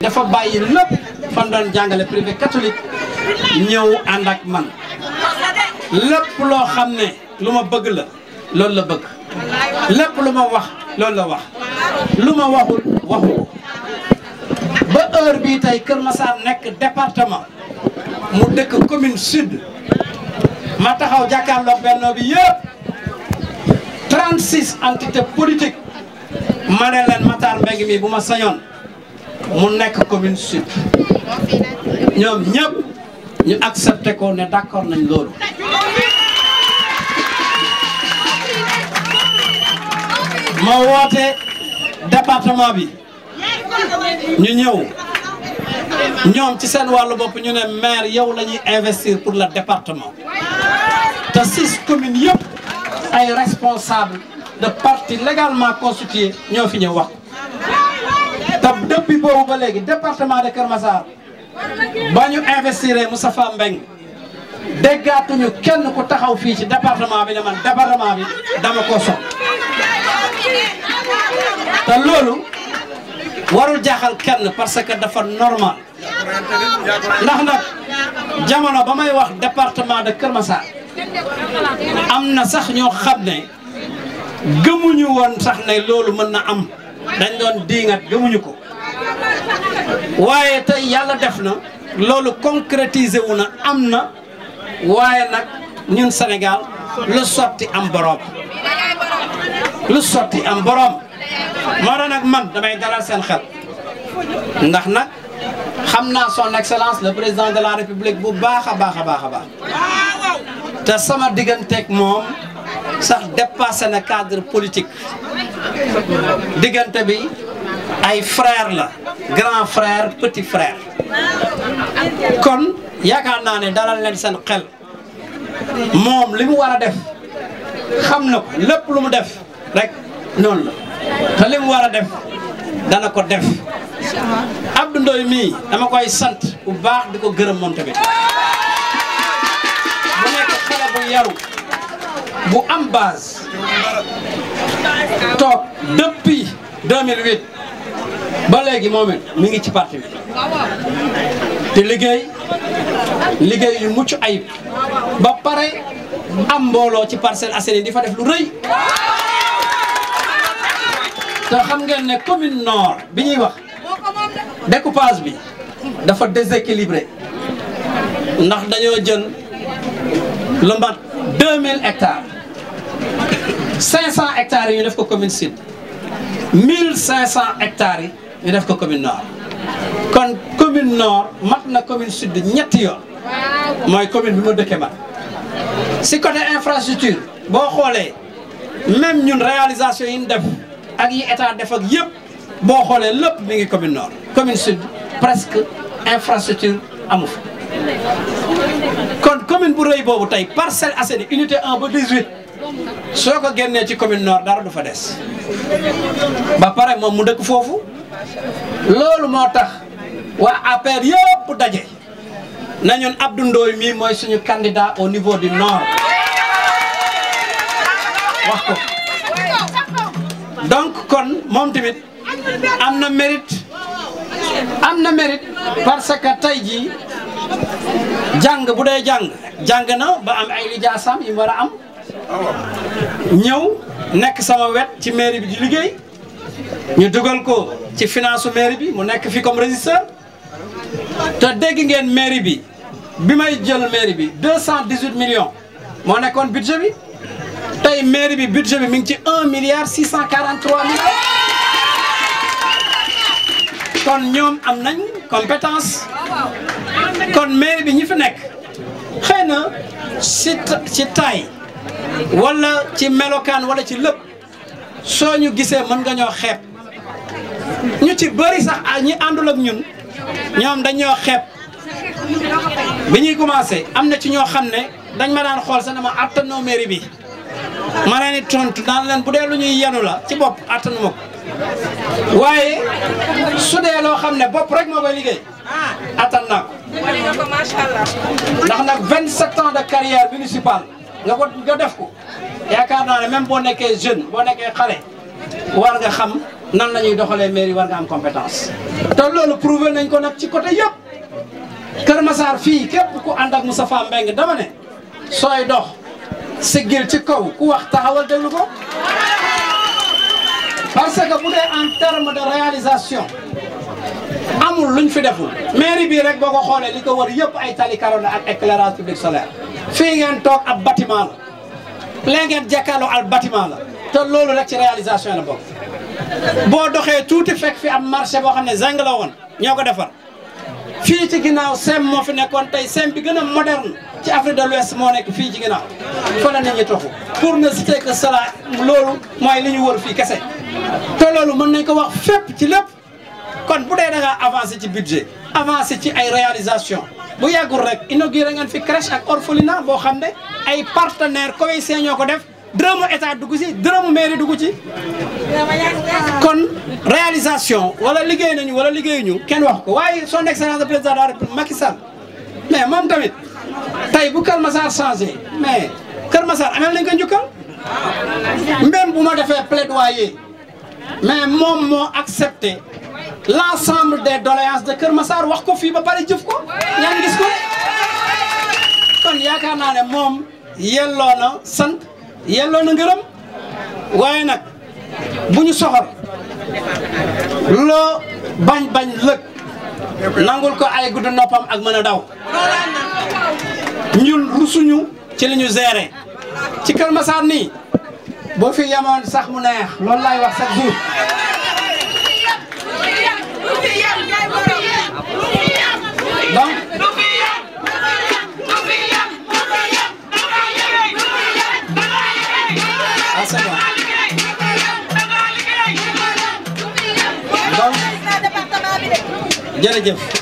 dafa bàyyi lépp fam doon jàngale privé catholique ñëw ànd ak man lépp loo xam ne lu ma bëgg la loolu la bëgg lépp lu ma wax loolu la wax lu ma waxul waxu heure bii tey nekk département mu dëkk commune sud ma taxaw jàkkaarloog Benno bi yëpp 36 entités politiques ma ne leen Matar Mbengue mi bu ma sañoon mu nekk commune sud ñoom ñëpp ñu accepté ko ne d'accord nañ loolu. ma woote département bi ñu ñëw. ñoom ci seen wàllu bopp ñu ne maire yow la ñuy investir pour le département te six communes yëpp ay responsables de parti légalement constitué ñoo fi ñëw wax te depuis boobu ba léegi département de Kër Massar ba ñu investiree Moustapha Mbeng déggaatuñu kenn ku taxaw fii ci département bi ne bi dama ko soxla te loolu warul jaaxal kenn parce que dafa normal ndax nag jamono ba may wax département de Kër Massar am na sax ñoo xam ne gëmuñu woon sax ne loolu mën na am dañ doon diingat gëmuñu ko waaye te yàlla def na loolu concrétiser wu na am na waaye nag ñun Sénégal lu sotti am boroom lu sotti am boroom moo tax nag man damay dalal seen xel ndax nag xam naa son excellence le président de la république bu baax a baax a baax a baax te sama diggante moom sax dépassé na cadre politique diggante bi ay frère la grand frère petit frère kon yaakaar naa ne dalal leen seen xel moom li mu war a def xam na ko lépp lu mu def rek noonu la te li mu war a def dana ko def Abdou Ndoye mii dama koy sant bu baax di ko gërëm moom tamit bu nekk xale bu yaru bu am base toog depuis 2008 ba léegi moom mu ngi ci parti bi te liggéey liggéey yu mucc ayib ba pare am mbooloo ci Parcelles Assainies di fa def lu rëy. te xam ngeen ne commune nord bi ñuy wax découpage bi dafa déséquilibré ndax dañoo jël lu mat 2000 hectares 500 hectares yi ñu def ko commune sud 1500 hectares yi ñu def ko commune nord kon commune nord mat na commune sud ñetti yoon mooy commune bi ma dëkkee ma si côté infrastructure boo xoolee même ñun réalisation yi ñu def ak yi état def ak yëpp boo xoolee lépp mi ngi commune noor commune sud presque infrastructure amu fa kon commune bu rëy boobu tey Parcelles Assainies unité 1 ba 18 soo ko génnee ci commune nord dara du fa des ba pare moom mu dëkk foofu loolu moo tax waa APR yëpp daje na ñun Abdou Ndoye mii mooy suñu candidat au niveau du nord wax ko donc kon moom tamit am na mérite am na mérite parce que tey jii jàng bu dee jàng jàng na ba am ay lijaasam yi war a am ñëw nekk sama wet ci mairie bi liggéey ñu dugal ko ci finance su bi mu nekk fi comme régisseur te dégg ngeen mairie bi bi may jël mairie bi 218 millions moo nekkoon budget bi. tey mairie bi budget bi mi ngi ci un milliard six cent quarante trois mille kon ñoom am nañ compétence kon mairie bi ñi fi nekk xëy na si ci taay wala ci melokaan wala ci lépp soo ñu gisee man nga ñoo xeeb ñu ci bëri sax ah, ñi àndul ak ñun ñoom dañoo xeeb bi ñuy commencé am na ci ñoo xam ne dañ ma daan xool sax ne ma attanoo mairie bi. ma leen di tontu naan leen bu dee lu ñuy yenu la ci bopp attanu ma ko waaye su dee loo xam ne bopp rek moo koy liggéey attan naa ko. ndax nag 27 ans de carrière municipale nga ko nga def ko yaakaar naa ne même boo nekkee jeune boo nekkee xale war nga xam nan la ñuy doxalee mairie war nga am compétence. te loolu prouvé nañ ko nag ci côté yëpp Kër Massar fii képp ku ànd ak Moustapha Mbengue dama ne sooy dox. siggil ci kaw ku wax taxawal déglu ko parce que bu dee en terme de réalisation amul luñ fi deful mairie bii rek boo ko xoolee li ko wër yëpp ay tali karo la ak éclairage public solaire fii ngeen toog ab bâtiment la léegi ngeen jàkkaarloo al bâtiment la te loolu rek ci réalisation la bokk boo doxee tuuti fekk fi am marché boo xam ne zeng woon ñoo ko defar fii ci ginnaaw sem moo fi nekkoon tey sem bi gën a moderne ci Afrique de l'Ouest moo nekk fii ci ginnaaw fa la nit ñi toxu pour ne citer que cela loolu mooy li ñu wër fii kese te loolu mën nañ ko wax fépp ci lépp kon bu dee da ngaa avancé ci budget avancé ci ay réalisation bu yàggul rek inauguré ngeen fi crèche ak na boo xam ne ay partenaires commerciaux ñoo ko def dërëmu état dugg ci dërëmu mairie duggu ci kon réalisation wala liggéey nañu wala liggéey liggéeyuñu kenn wax ko waaye son excellence le président de la république Macky Sall tamit tey bu Kër Massar changé mais Kër Massar amel nañ ko njukkal même bu ma defee plaidoyer mais moom moo accepté l'ensemble des doléances de Kër Massar wax ko fii ba pare jëf ko ñaan gis ko kon yaakaar naa ne moom yelloo na sant yelloo na waaye nag bu ñu soxor loo bañ-bañ lëg nangul ko ay gudd noppam ak mën a daw ñun rusuñu ci li ñu gérer ci Kër Masar nii boo fi yemoon sax mu neex loolu laay wax chaque jour. donc. Ah, jërëjëf